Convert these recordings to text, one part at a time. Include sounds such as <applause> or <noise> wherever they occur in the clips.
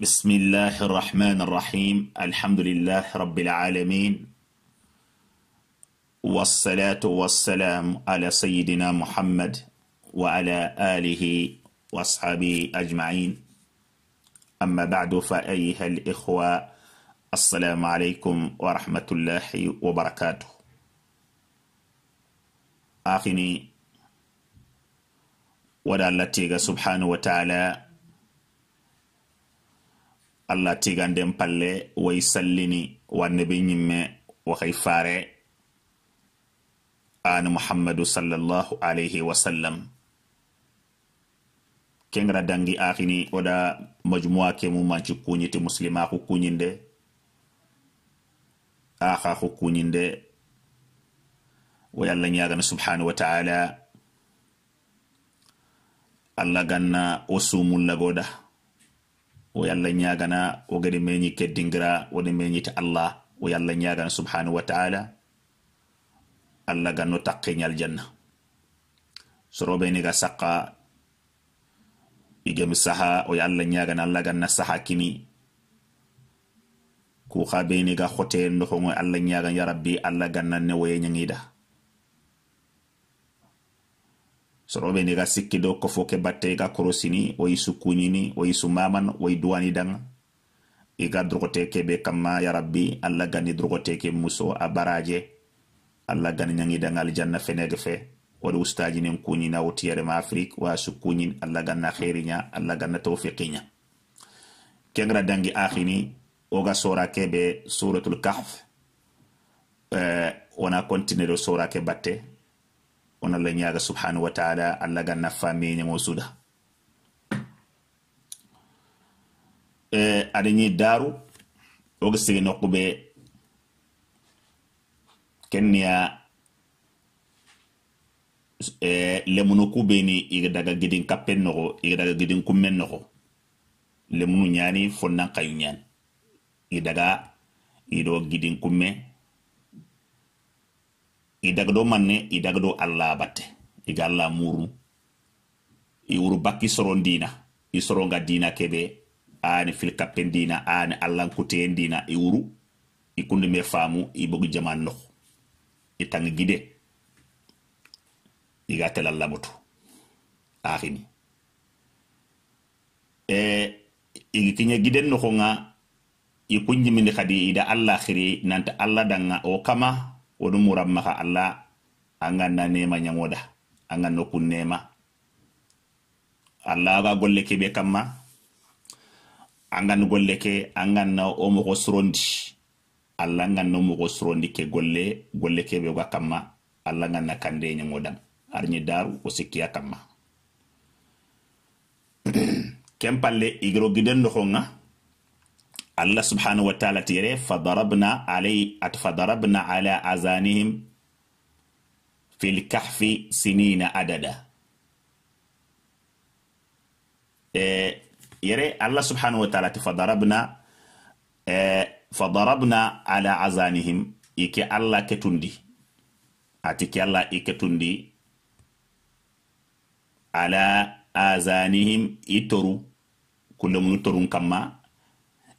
بسم الله الرحمن الرحيم الحمد لله رب العالمين والصلاة والسلام على سيدنا محمد وعلى آله وأصحابه أجمعين أما بعد فأيها الإخوة السلام عليكم ورحمة الله وبركاته آخني ودالتك سبحانه وتعالى allah tiganden palle way sallini wanne be ñimme waxay faare an muhammadu sallallahu alayhi wa sallam kengara dangi axini oda majmua ke mu manci kuñiti muslima xu kuñinde axa xu kuñinde wo allah ñagana subhanahu wa taala allah ganna wo sumullagoda o yalla ñagana o gadi meñi keddingira woni meñita allah o yalla ñagana subhanahu wa taala allah ga no takkiñal janna soroɓe ni ga sakka igemi saha o yalla ñagana allah ganna saha kini ku beni ga xote noxongoy allah ñagan ya rabbi allah gannan ne woye ñangida soro be nega sikki do ko foke batte ga korosini o woyi sukkuñini woyi sumaman woyi duwani danga ga drogote ke be kamma ya rabbi alla gani drogote ke muso a baraje alla gani ñaŋidanga aljanna janna fe nega fe o do ustaji nen o tiere ma afrique wa su sukkuñin alla ganna khairinya alla ganna tawfiqiña kengra dangi akhini o ga sora ke be suratul kahf eh, wana continue ɗo sora ke batte ona la ñaga subhanahu wa ta'ala alla ga nafa me suda e ada ñi daru o sigi nokube kenya e lemunu kubeni iga daga gidin kappen nogo iga daga gidin kummen noxo lemunu ñani fonnan kayu ñaan i daga ido gidin kumme i dagdo manne i dagdo allah batte i ga allah muru i wuru bakki soron dina i soronga dina keɓe ani filkappen dina ani allahnkuteyen dina i wuru i kundi me faamu i bogi jaman nox i tang gide i ga tel allah botu axini e i kiña giden noxonga i kunjimini xadi i da allah xiri nanta allah danga o kama wodum muran maka alla an ganna nema ñagoda an ganno kun nema alla ga golle keɓe kamma an gan golle ke an ganna o mogo sorondi alla an ganna mogo sorondi ke golle golle keɓe ga kamma alla ganna kande ñagodan arñi daru o sikkiya kamma <clears throat> ken palle igiro giden doxonga allah subhanahu wa taala fadarabna alay at ala azanihim fi lkahfi sinina adada e, yere allah subhanahu wa ti fadarabna e, fadarabna ala azanihim ike allah ketundi ati ke allah iketundi ala azanihim i toru kullomunu torun kamma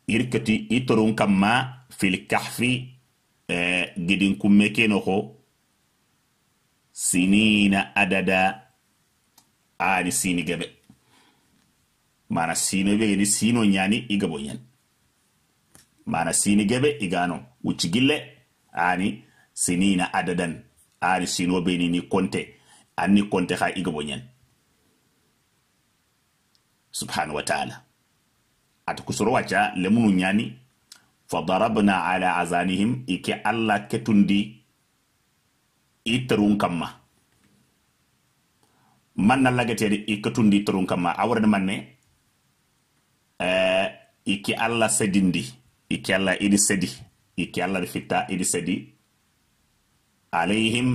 irkati itorun kamma fil kahfi eh, gidin kumme kenoko sinina adada ani sini gabe mana sino be ni sino nyani igabo nyani mana sini gabe igano uchigille ani sinina adadan ani sino be ni konte ani konte ha igabo nyani subhanahu wa ta'ala ati kusoro wacha lemunu ñani fadarabna ala azanihim ike alla ketundi i terun kamma man na lagetede i ketundi terun kamma awrene manne eh, ike alla sedindi ike alla idi sedi ike alla fitta idi sedi alayhim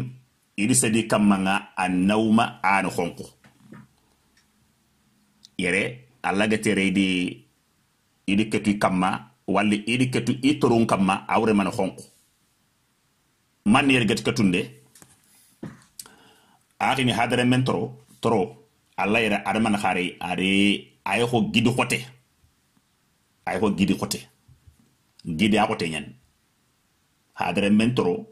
idi sedi kamma nga annawma anu honku yere alla getere ili ketu kamma wali ili ketu i torun kamma awre man honko manni yer gati katunde atini hadare men toro toro alla yere are man xare are aye ko gidi xote aye ko gidi xote gidi a xote hadare men toro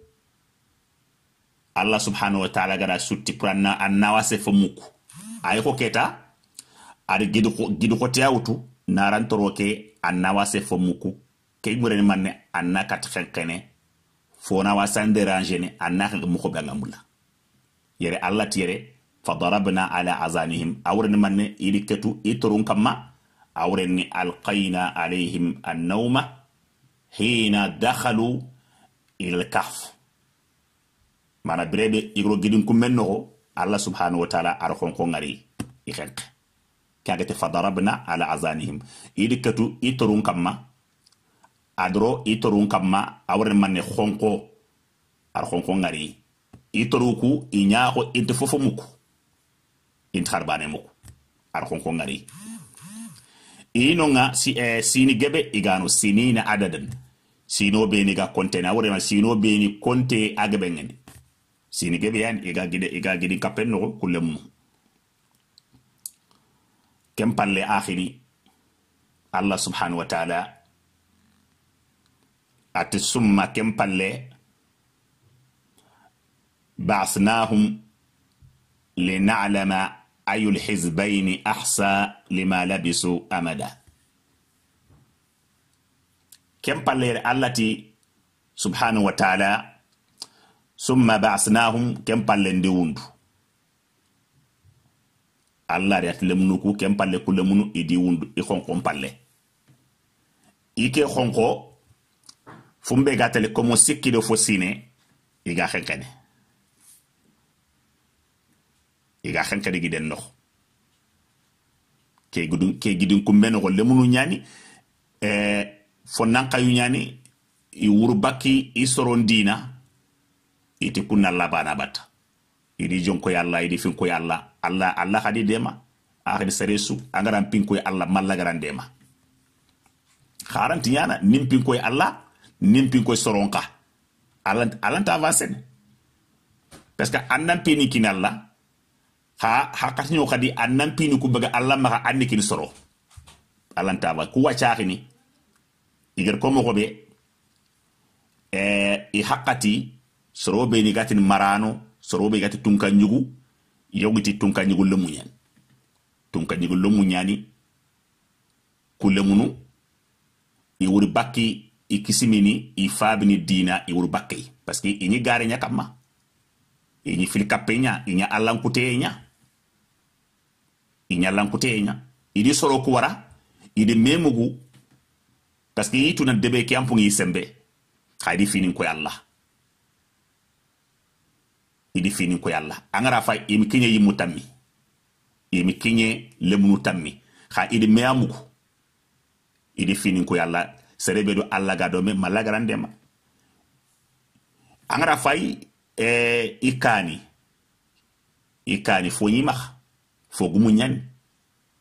allah subhanahu wa taala gara sutti pour anna annawase fo mukku aye keta ada gidi gidi xote a narantoro ke anna wase fo muku ke ɓurani manne anna kat xenqene fona wasan dérangene anna xenqe muko ɓeangamula yere allah tiyere fa darabna ala azanihim awrani manne ili ketu i torun kamma awrani alqayna alayhim annawma hina dakhalu ilal kahf mana birebe igro gidin kummen noxo allah subhanahu wa taala ara xonqo ngari i xenqe kagete fadarabna ala azanihim idi ketu i torun kamma adoro i kamma awren manne khonko ar khonko ngari i toruku inte fofo muku int harbane muku ar khonko ngari inonga si, eh, sini gebe igano sinina adadan sino beni ga konte na wurema sino beni konte agebe sini gebe yan iga gide iga gidi kapen kullemu ken palle akhiri allah subhanahu wa taala ati summa ken palle basnahum linalama ayu lhizbaini ahsa lima labisu amada ken pallere allah ti subhanahu wa taala summa basnahum ken palle ndi wundu alla riatile munu ku ken palle kulle munu idi wundu i xonkon palle i ke xonko fum be ga komo sikkido fo sine i ga xenkene i ga xenkene giden nox ke gudun ke gidun ku noxo le munu ñani e eh, fo nankayu ñani i wuru bakki i soron dina iti kunna labana bata idi yalla idi yalla alla alla hadi dema akhir saresu agaran pinkoy alla malla garan dema kharanti yana nim pinkoy alla nim pinkoy soronka alla alla ta avancer parce que annan pini kin alla ha hakati nyo kadi annan pini ku baga alla ma anni kin soro alla ta ba ku wachaaki ni igar ko mo ko be e eh, i hakati soro be ni gatin marano soro be gatin tunkan nyugu yogiti tunka ñigu lemu ñani tunka ñigu lemu ñani ku lemunu i wuri bakki i kisimini i faabini diina i wuri bakkeyi parce que iñi gaare ña kamma iñi fili kappe ña iña allankuteye ña iña allankuteye ña idi soro ku wara idi memugu parce que i tunan debe ke ampungi sembe haydi finin koy allah idi fini ko yalla angara fa imi kinye yimu tammi imi kinye lemnu tammi kha idi meyamugu idi fini ko yalla serebe do alla gado me mala grande ma angara fay e ikani ikani fo yimax fo gumu nyani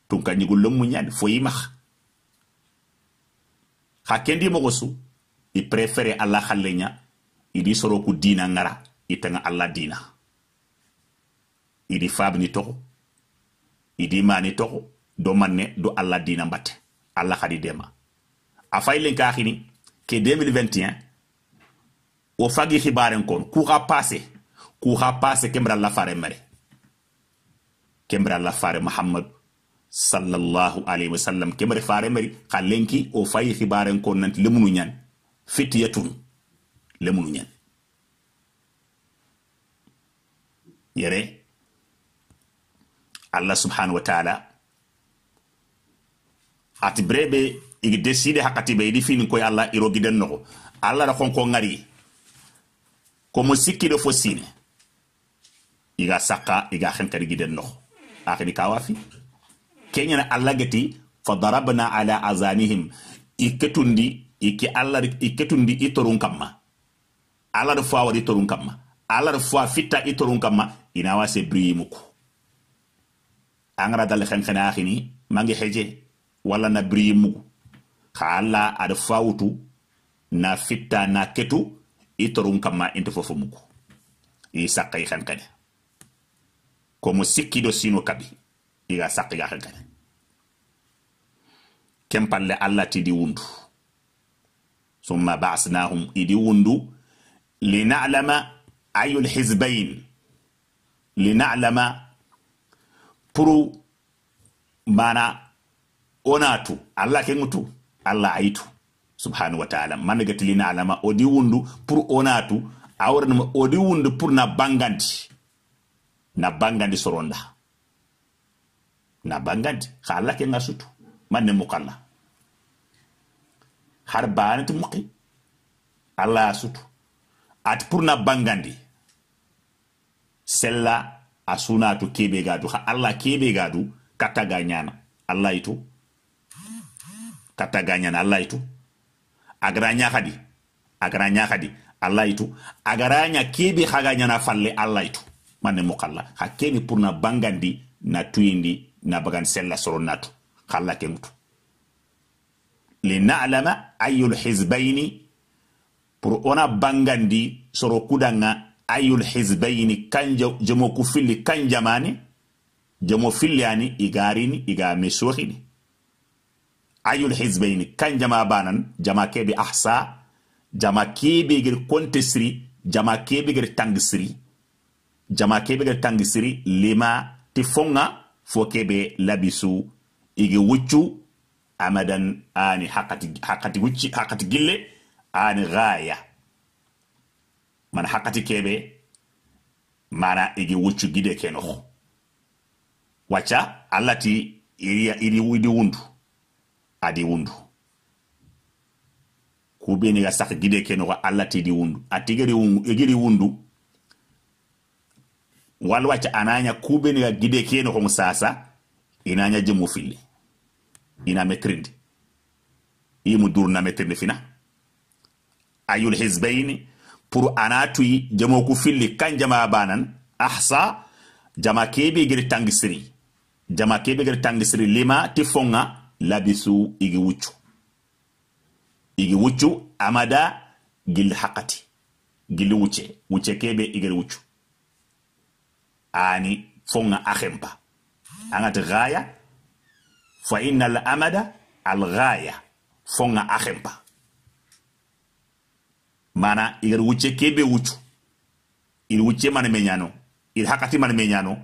tunka nyigu lomu nyani fo yimax kha kendi mo gosu i préféré alla xalle nya idi soro ku dina ngara itanga alla dina idi fabni toxo idi mani toxo do manne do alla dina mbatte alla xadi dema a fayilen ka xini ke 2021 o fagi xibaren kon ku xa passé ku xa passé kembra alla fare mere kembra alla fare mahamadou sallallahu alaihi wasallam kemar fare mari kallenki o fayi xibaren kon nanti lemunu ñan fitiyatun lemunu ñan yere allah subhanahu wa taala ati brebe igi deside hakati be idi fini koy allah iro giden noko allah da konko ngari ko mo sikki do fosine iga saka iga xentari giden nogo akidi kawafi na allah geti fa darabna ala azanihim iketundi iki allah iketundi itorun kamma allah da fawa itorun kamma allah da fawa fitta itorun kamma ina wa sebri muku angara dal khen khana khini mangi heje wala na bri muku khala ad fawtu na fitta na ketu itorun kama into fofo muku i sakkay khen khana komo sikkido sino kabi iga sakkiga khen khana kempalle allah tidi wundu summa basnahum idi wundu linalama ayul hizbain linalama pour mana onatu alla kengutu alla ayitu subhanahu wa ta'ala man gati linalama odi wundu pour onatu awranama odi wundu pour na bangandi na bangandi soronda na bangandi ha alla kenga sutu manne mukalla har banati muqi alla sutu at pour na bangandi sella asuna tu kebe gadu ha allah kebe gadu katta ga ñana allah yitu katta ga ñana allah yitu agranya hadi agara ñahadi allah kebe haganyana falle allah itu mane mukalla ha kebe pour na bangandi na tuindi na bagan sella soro natu halla kemutu linalama ayul hizbaini pour ona bangandi soro kudanga ayul hizbaini kan jomo ku filli kan jamane jomo filliyani igarini iga me ayul hizbaini kan jama banan jama keɓe ahsa jama kebi gir kontesri jama kebi gir tangisri jama kebi gir tangisri lima tifonga fo keɓe labisu igi wuccu amadan ani hakati, hakati, hakati gille ani gaya mana hakati kebe mana igi wuchu gide keno wacha alati ili ili wudi wundu adi wundu ku beniga sak gide keno wa alati di wundu atigeri igiri wundu wal wacha ananya ku beniga gide keno kong sasa inanya jemu fili ina metrindi imu na metrindi fina ayul hizbaini pour ana anatuyi jamo ku filli kan jama banan ahsa jama kebe gir tangisri jama kebe gir tangisri lima ti fonga labisu igi wuccu igi wuccu amada gilli hakati gilli wucce wucce kebe igir wuccu ani fonga akhempa angati gaya fa innal amada al gaya fonga akhempa mana igar wucce kebe wucu il wucce mane menyano il hakati mane menyano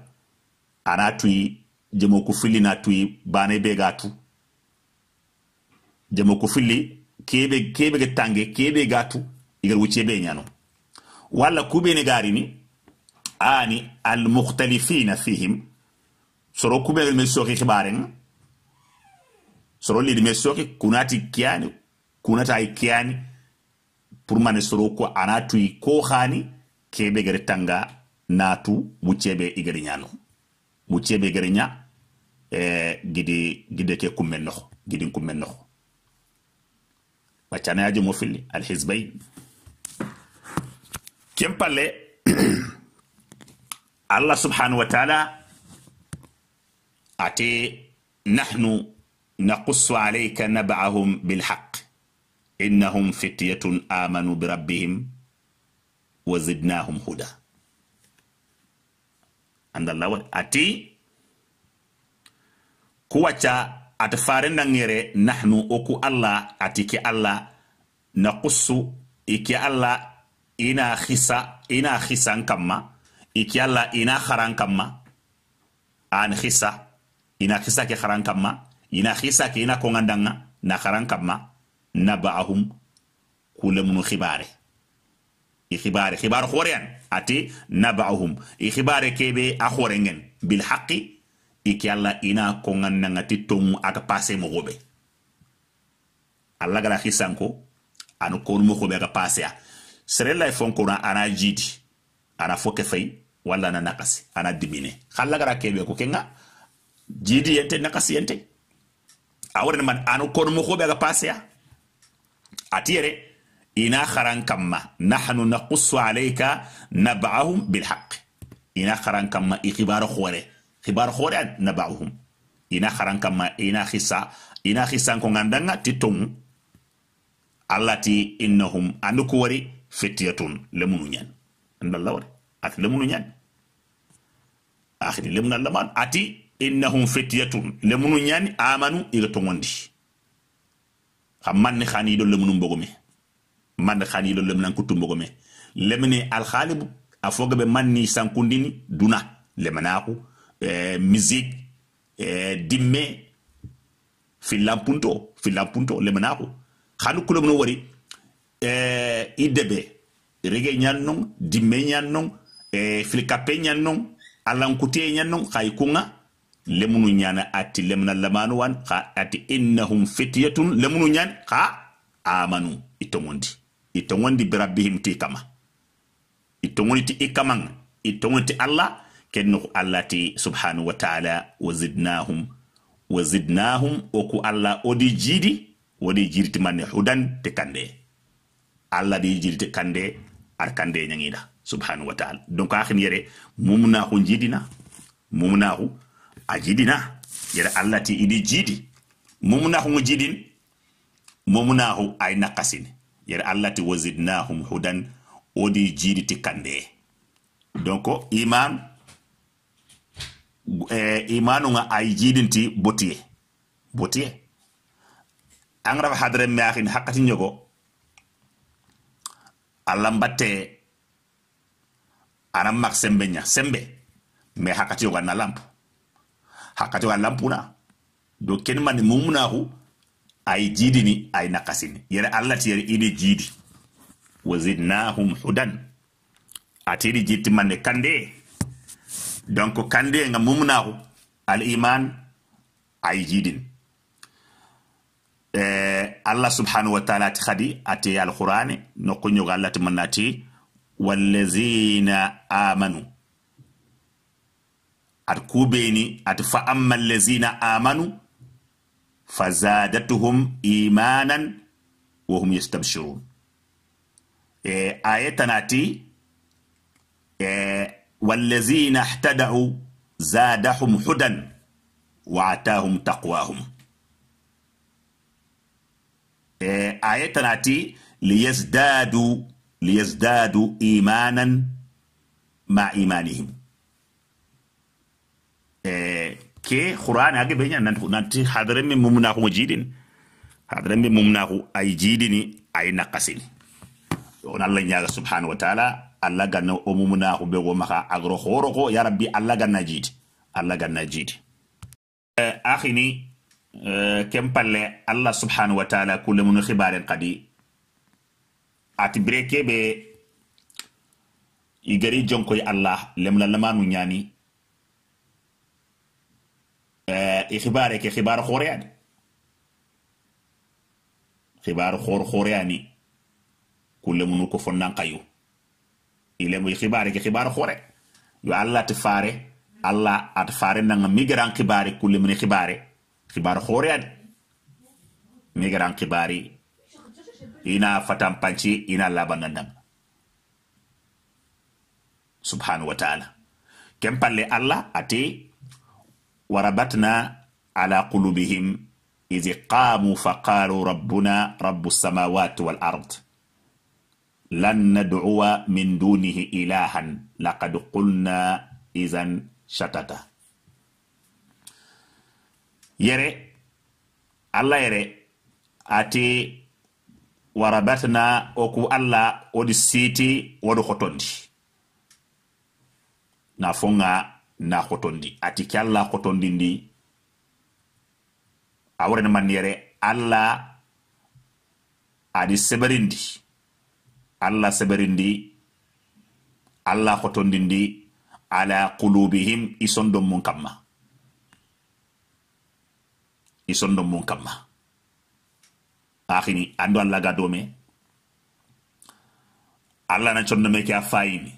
ana tui jemo kufili na tui bane be tu jemo kufili kebe kebe getange kebe gatu igar wucce be ñano walla kubene garini ani al mukhtalifina fihim soro kubene me soki xibaren soro lidi me soki kunati kiani kunata ay kiani pour mane soro ko ko hani keɓe gere tanga natu wucceɓe igere ñano wucceɓe gere ña e eh, gidi gide ke kummen noxo gidin kummen noxo baccanayajo mo filli alhisbain ken palle <clears throat> allah subhanahu wa taala ate nahnu naqussu alayka naba'ahum bilhaq innahum fityatun amanu birabbihim wa zidnahum huda. And Allah ati kuwacha ati farenda ngere nahnu oku Allah ati ke Allah naqusu ike ina khisa ina khisan kamma ike alla ina kharan kamma an khisa ina khisa ke kharan kamma ina khisa ke ina kongandanga na kharan kamma nabaahum kulemunu xibaare i khibare khibar khorean ate nabaahum i khibare kebe a khorengen bil haqqi iki alla ina kongan nangati tomu aka pase mogobe alla gara khisanko anu konu mogobe aka pase a serella fonkona ana jidi ana foke fay walla ana nakasi ana dimine khalla gara kebe ko kenga jidi yente nakasi yente awren man anu konu mogobe aka pase a atiyere ina xaran kamma nahnu naqussu alayka nab'ahum bilhaq ina xaran kamma i xibar xore xibar nab'ahum ina xaran kamma ina xissa ina xissan ko ngandanga ti tongu allati innahum anduku wari fetiyatun lemunu ñan andalla wari ati lemunu ñan axini lemuna ati innahum fetiyatun lemunu ñani amanu iga tongondi xa manne khani do lemnu mbogome manne khani do lemnan kutu mbogome lemne al khalib afoga be manni sankundini duna lemanaku eh, musique eh, dimme filampunto filampunto lemanaku khanu kulomno wari eh, idebe rege ñannon dimme ñannon eh, filkape ñannon alankute ñannon khay kunga lemunu ñana ati lemna lamanu wan ka ati innahum fityatun lemunu ñani ka amanu itogondi itogondi bi rabbihim ti kama itogoni ti i kaman itogoni allah kenno ko allah ti subhanahu wa taala wa zidnahum wa zidnahum oku allah odi jiidi wodi jirti manne hudan te kande allah di jirti kande ar kande ñangida subhanahu wa taala donc akhin yere mumna ko jiidina mumna ko a jiɗina yeɗa allah ti iɗi jiiɗi mumnahum jiɗin mumnahu ay nakkasine yeɗa allah ti wasidnahum hudan odi jiiɗi ti kande donc iman e imanuga ay jiɗinti botiye botiye angrafa hadren meahin hakkati ñogo allah mbatte ana mak sembe ña sembe mais hakkati yoga na lampe hakati lampuna do ken man mumna hu ay jidini ay nakasini yere allah ti yere ini jidi wazidnahum hudan atiri jiti mande kande donc kande nga mumna hu al iman ay jidin eh, allah subhanahu wa taala ti khadi ati alqur'ani nokko nyoga allah ti manati wallazina amanu at kuɓeni ati fa amma allazina amanu fa zadatuhum imanan wa hum yastabshirun e aya tanati e wallazina ihtada'u zadahum hudan wa atahum taqwahum e aya tanati liyazdadu liyazdadu imanan ma imanihim ke qur'an age be nya nanti hadarembe mumna ko jidin hadarembe mumna ay jidini ay naqasini on allah nyaga subhanahu wa ta'ala allah ganna o mumna ko be go maka agro khoro ko ya rabbi allah ganna jidi allah ganna jidi eh, akhini eh, kem palle allah subhanahu wa ta'ala kullu mun khibaren qadi ati breke be igari jonkoy allah lemla lamanu i xibare ke xibar xoreani xibar xor xoreani kulle munu ko fonnan kayu ilemu xibare ke xibar xore yo allah ti fare allah ati fare nanga migaran xibare kulle muni xibare xibar xoreani migaran xibari ina fatan panci ina labanan ndam subhanahu wa ta'ala kempalle allah ati warabatna ala qulubihim idh qamu faqalu rabbuna rabu samawati wal ard lan nadua min dunihi ilahan laqad qulna idhan shatata yere allah yere ati warabatna oku allah wodi siti wodo hotondi na fonga na hotondi ati ke alla hotondindi a warani manniyere alla adi seberindi alla seberindi alla hotondindi ala qulubihim isondo mun kamma isondo mun kamma akini ando alla ga dome alla na condo ke a fayini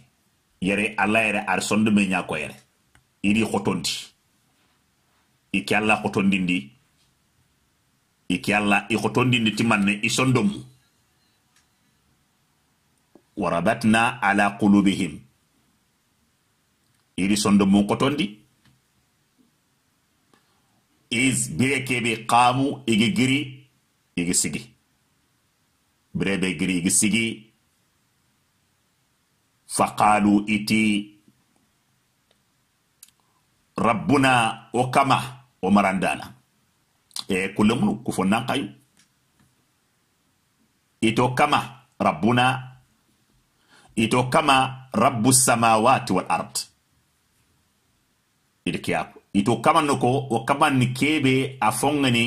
yere alla yere ar sondome me yere iri hotondi iki alla ndi iki alla i hotondindi timanne i sondomu warabatna ala qulubihim iri sondomu mu kotondi is bire kebe qamu igi giri igi sigi bire be giri igi sigi faqalu iti rabbuna o kama o marandana e kulle munu ko fo nankayu ito kama rabbuna ito kama rabbu samawati wal ard ite ito kama ko o kamanni ni kebe afongani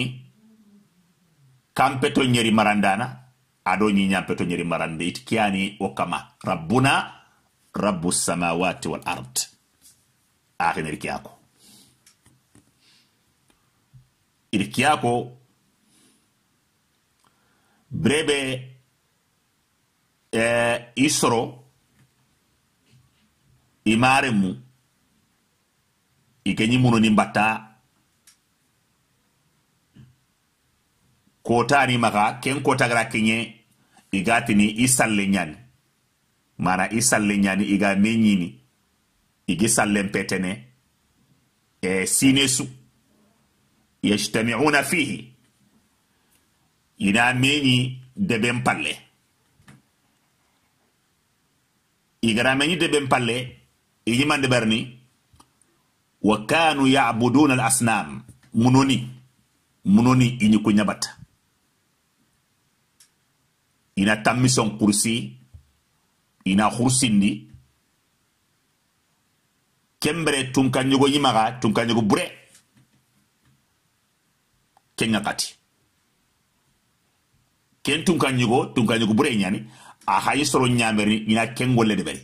kampeto nyeri marandana aɗo nyampeto nyeri marande ite o kama rabbuna rabbu samawati wal ard ahiniri kiyako irki yako bere bɛ eh, i sɔrɔ i maare mu i kɛ ɲimunu ni kota ni maga ken kota gara kenye igati ni isalle nyani mana isalle nyani iga menyini igi sallen petene e eh, sinesu yajtamiuna fihi ina meñi deben palle igara meñi deben palle iñimande barni wa kanu yabuduna al asnam munoni munoni ini ko ñabata ina tammison kursi ina khursindi kembre tunkanyugo ñimaxa tunkanyugo bure kenga kati ken tunkanñigo tunkanñigo bure ñani a hayi soro ñamerini ina kengolle de kili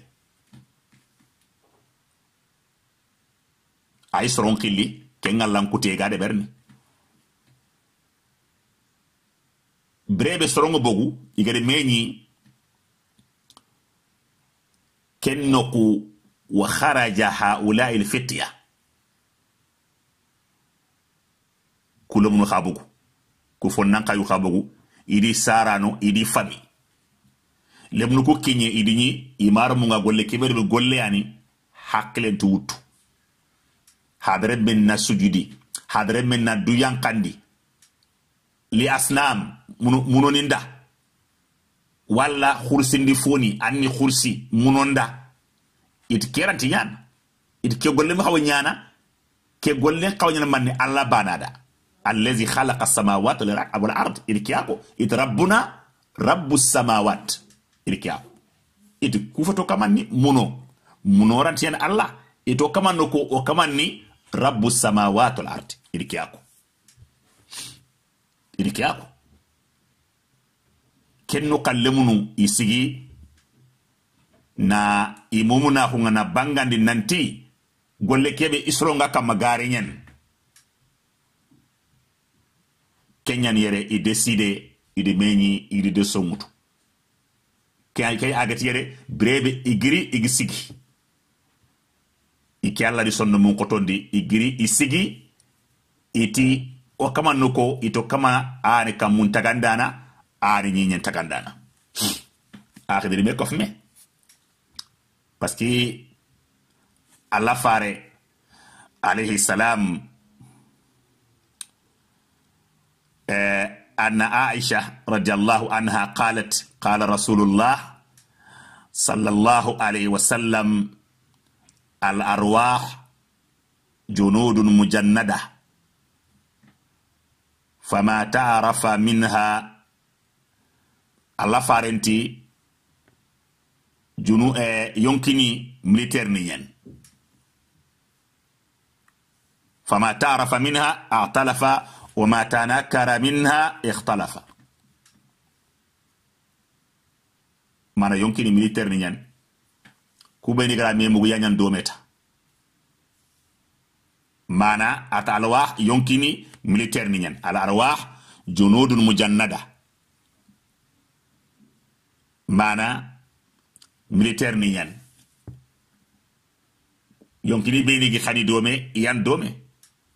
ayi soron killi ga de berni brebe sorongo bogu igede meñi ken noku wa kharaja haulai lfitya kulomun khabugu ku fo nankayu khabugu idi sarano idi fami lemnu ko kinye idi ni imar mu nga golle kibere be golle ani hakle tuutu hadre men na sujudi hadre men na duyan kandi li asnam munoninda walla hursindi foni anni hursi munonda it keranti ñana it ke golle mi hawa ñana ke golle kawa ñana manni alla banada alladhi khalaqa samawati wal ard iliki yako it rabbuna rabbu samawat iliki yako iti kufa to kamanni muno munoranti hen allah ito kamanno ko o kamanni rabbu samawati wal ard iliki yako iliki yako kenno kalle isigi na imumuna hunga na bangandi nanti golle keɓe isronga kamma gareñen kenyan yere i décidé ide meñi ide somutu kay kay agati yere brebe i igi sigi iki alla di sonno mun kotondi i isigi iti o kama noko ito kama ani kam mun tagandana ani ñiñen tagandana akidiri me kofme parce que alla fare alayhi salam آه، أن عائشة رضي الله عنها قالت قال رسول الله صلى الله عليه وسلم الأرواح جنود مجندة فما تعرف منها الله فارنتي جنو آه، يمكني مليتير فما تعرف منها اعتلف wama tanakara minha ikhtalafa mana yonkini militaire ni ñani kubeni gara memugu yañan dometa mana ata alwah yonkini militaire ni ñan al arwah junudun mujannada mana militaire ni ñan yonkini beni gi xani dome yan dome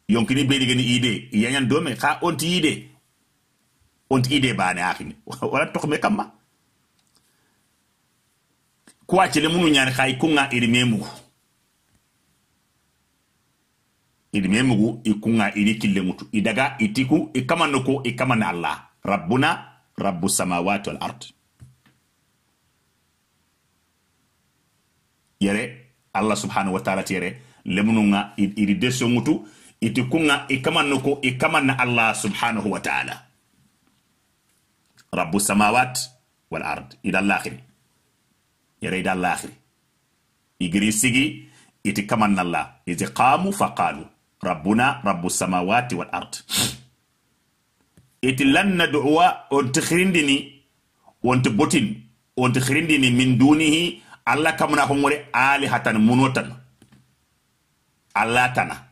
yonkini gani ide yañan dome ka onti ide onti ide bane akini <laughs> wala toxme kwa chile munu ñani xay kunga ili mugu ili mugu i kunga ini killenŋutu i daga itiku ikama kamanno ikama na allah rabbuna rabbu samawati wal ard yere allah subhanahu wa taala ti yere ili desu desonŋutu iti kunga ikamannu ko ikamanna allah subhanahu wa ta'ala rabbu samawat wal ard ida lakhiri yere ida lakhiri igiri sigi iti kamanna allah iti qamu fa qalu rabbuna rabbu samawati wal ard iti lan nad'uwa onti khirindini onti botin onti khirindini min dunihi allah kamna hongore alihatan munotan allah tana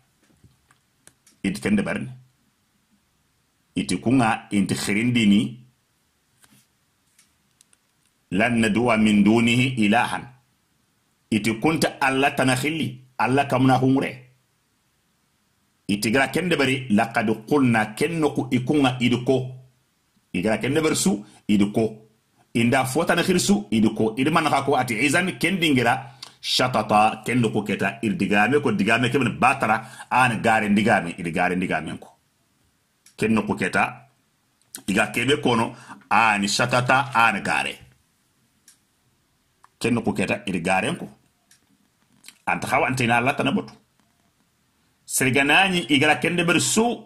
iti kende barni iti kunga inti khirindini lan nadua min dunihi ilahan iti kunta alla tana khilli alla kamuna humure iti gara kende bari laqad qulna kennoku ikunga idiko igara kende bari su idiko inda fotana khirsu idiko idman ko ati izan kendingira shatata kendo ko keta irdigame ko digame kemen batara an gare digame ir gare digame ko kendo ko keta diga kebe kono an shatata an gare kendo ko keta ir gare ko anta hawa antina ina lata na botu serganani igara kende ber su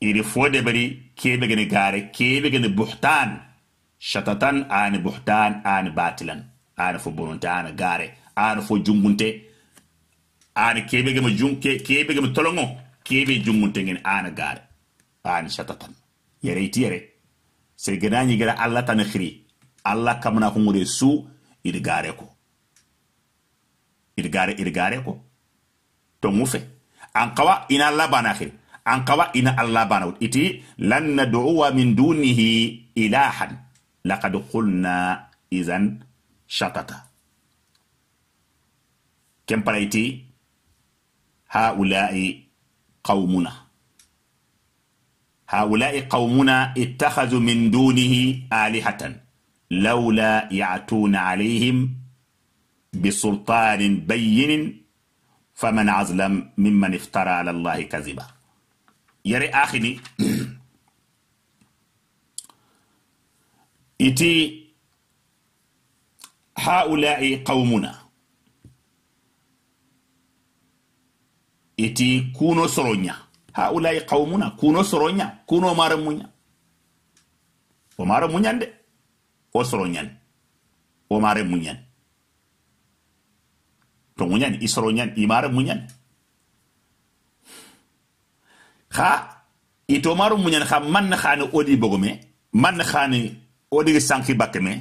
iri fode beri kebe gene gare kebe gene buhtan shatatan an buhtan an batilan aɗa fo bononta aɗa gaare aɗa fo jungunte aɗa keɓegema keɓegema tologo keɓe jungunte gen ana gaare ani shata tan yere iti yere sey genañi gera allah tan xiri allah kamana ko ngure su iɗa gaare ko iɗa gaare ko to ngufe an kawa ina allah bana xiri an kawa ina allah bana wut iti lan nadua min dunihi ilahan laqad qulna izan شطط كم بريتي هؤلاء قومنا هؤلاء قومنا اتخذوا من دونه آلهة لولا يعتون عليهم بسلطان بين فمن أظلم ممن افترى على الله كذبا يري آخني <clears throat> إتي haulai qaumuna iti kuno soronya haulai qaumuna kuno soronya kuno maramunya o maramunyan de o soronyan o maramunyan to munyan i soronyan i maramunyan ha ito maramunyan ha man khani odi bogome man khani odi sanki me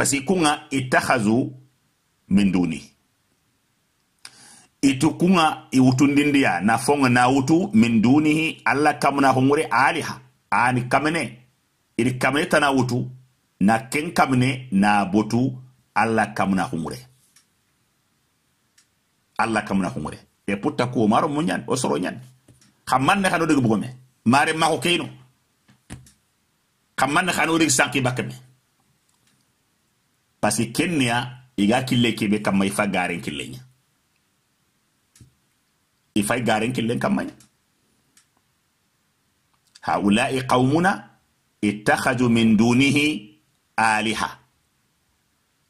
parce kunga itakhazu min duni itu kunga iwutundindiya na fonga na wutu min dunihi alla kamna hongure aliha ani kamene iri kamene tana wutu na ken kamene na botu alla kamna hongure alla kamna hongure e putta ko maro munyan o soro nyan ne xano deg bugome mare mako keino xamman ne xano deg sanki bakame par ce que kenneya iga kille kebe kamma ifa garen killeña ifay garen killen kammaña haulai qaumuna ittahadu min dunihi aliha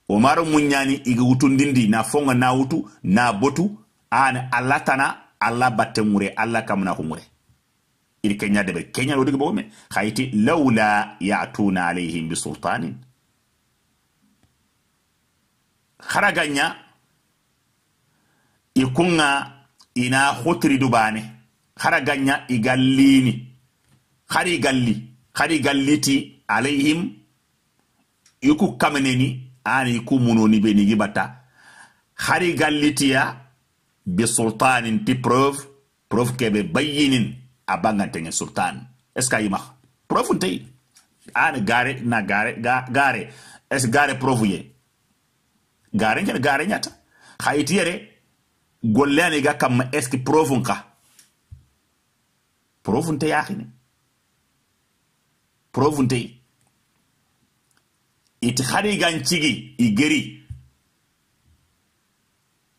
omaro muñani iga wutundindi na fonga na utu na botu an alatana alla batte ŋure alla kamna kumure ŋure ir keña deɓe keña ɗo digi ɓo me hayti laula yatuna alayhim bisultanin haraganya ikunga ina hotiri dubane haraganya igallini hari galli hari galliti alayhim yuku kameneni ani iku munoni benigi bata hari gallitiya bi sultanin ti preuve preuve kebe bayinin a sultan est ce que preuve ntey ani gare na gare ga, gare es gare preuve ye garen ken garen nyata khayti yere gollani ga kam est ce profun ka provun te yakhini provun te it khari gan chigi igeri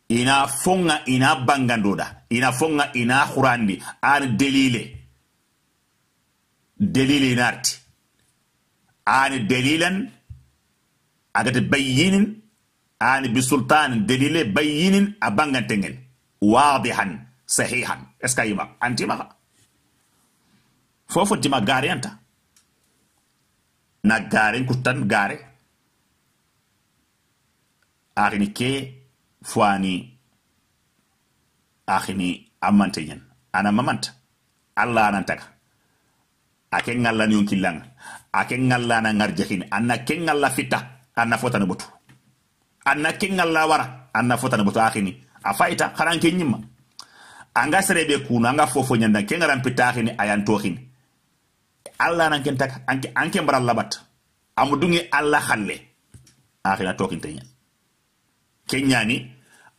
ina fonga ina bangandoda ina fonga ina khurandi an delile delile inarti an delilan agata bayyinin ani sultan delile bayyinin a bangantengel wadihan sahihan est ce que yima antimaha fofo dima gare anta na garen kutan gare arini ke fwani akini amante ana mamanta allah anantaka ake ngalla ni yonkillanga ake ngalla na ngarjahin anna ke ngalla fita anna fotana botu anna kengalla wara anna fotana boto akhini afaita kharanke nyimma anga serebe kuno anga fofo nyanda kengaran pitakhini ayantokhini allah nan ken taka anke anke mbara labat amu dungi alla khalle akhina tokin tanya kenyani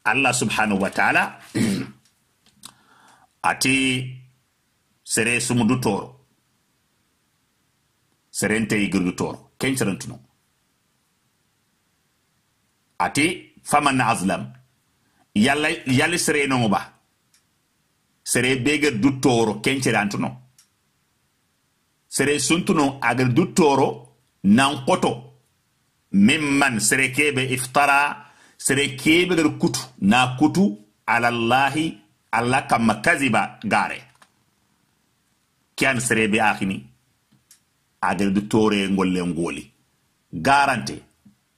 alla subhanahu wa ta'ala <clears throat> ati sere sumudu toro serente igirdu toro ken serentuno ati faman azlam yalla yalla sere no ba sere bega du toro kencere antuno sere suntuno agar du toro nan koto mimman sere kebe iftara sere kebe gar kutu na kutu alallahi allah kamma kaziba gare kyan sere be akini agar du tore ngolle ngoli garante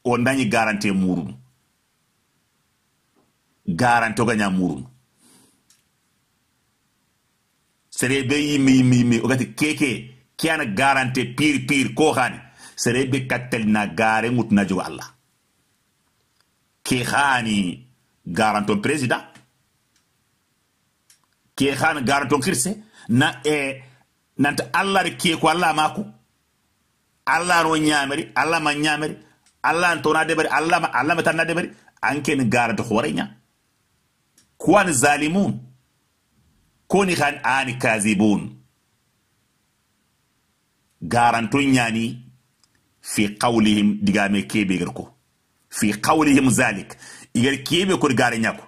o dañi garante muɗum garante o gaña muɗum sere be yimmi yimmi yimmi o gati keke kiyana garante pir pir ko hani sere be kattalina gare ngutuna jogo allah ke hani garanton président ke hani garanton kirse na e nanta allah re ke ko allah mako allah ro ñameri allah ma ñameri allah n tona debari allah allah metanna debari anken garde horeña kuwan zalimun koni han ani kazibun garanton ñani fi qawlihim digame kebe gar ko fi qawlihim zalik igar kebe kod gare ñako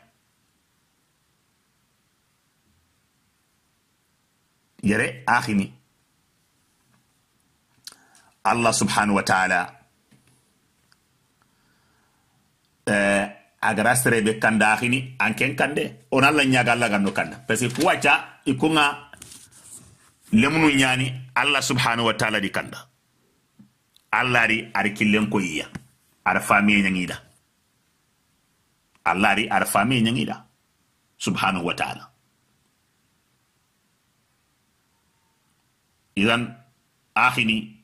yere ahini allah subhanahu wa taala eh, agara serebe kanda axini anken kande ona la ñaga alla gando kanda parce que kuwaca i lemunu ñani allah subhanahu wa taala di kanda allah ari ari killen koyiya ara famiye ñangida allah ari ara famiye ñangida subhanahu wa taala idan axini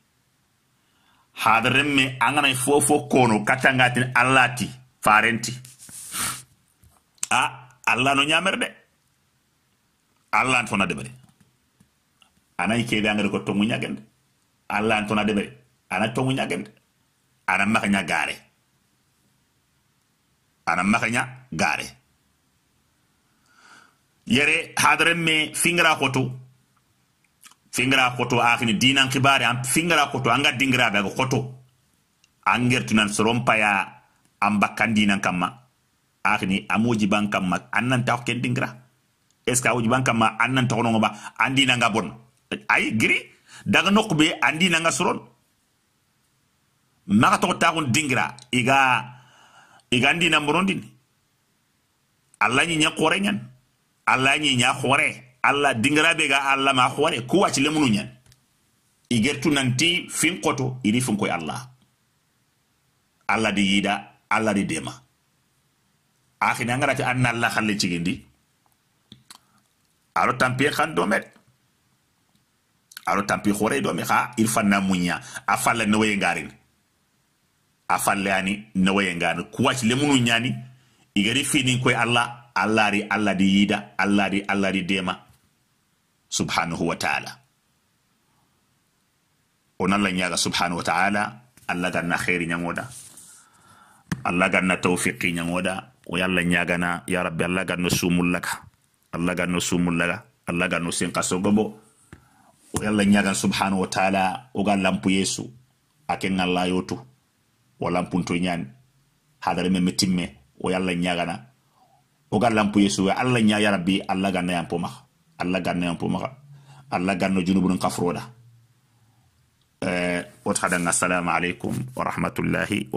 hadaren me fofo kono katangatin allah farenti a ah, allah no ñamere de allah an tona deɓere anayi keɓe angede ko tongu ñagende allah an tona deɓere ana tongu ñagende ana makaña gaare ana makaña gaare yere hadaren me fingra hoto fingra hoto akini dinan kibare fingra fingira anga dingiraɓe aga hoto an gertunan an bakkandinan kamma akini amujiban kamma annan taw kendingira est ce que awujiban kamma annan andinanga bonno ay giri daga nokku andinanga soron maxa toxo taxun dingira iga iga andina mborondini alla xore ñan alla xore alla dingira be ga alla ma xore ku waci lemunu ñan igertu nanti finkoto idi finkoy allah alla di yida allah di dema akhini angarati anna alla khalle cigindi aro tampie khan domet aro tampi khore domi xa il fanna munya afalla ngarin a falle ani no yengan kuwach le munu nyani igari finin koy alla allah ri allah di yida allah ri allah di dema subhanahu wa ta'ala onan la ñaga subhanahu wa ta'ala alla ganna khairi nyangoda allah ganna tawfiqi ñagoɗa o yo ñagana ya rabbi allah ganno sumullaga allah ganno sumullaga allah ganno senka sogobo o yo allah ñagan subhanahu wa taala oga lampu yeesu aken allah yotu o lampunto ñani hadare men timme o yo allah ñagana oga lampu yeesu o allah ña ya rabbi allah gannayan po maha allah gannayan po maha allah ganno junubu nun kafroɗa eh, wata hadan assalamu alaikum wa rahmatullahi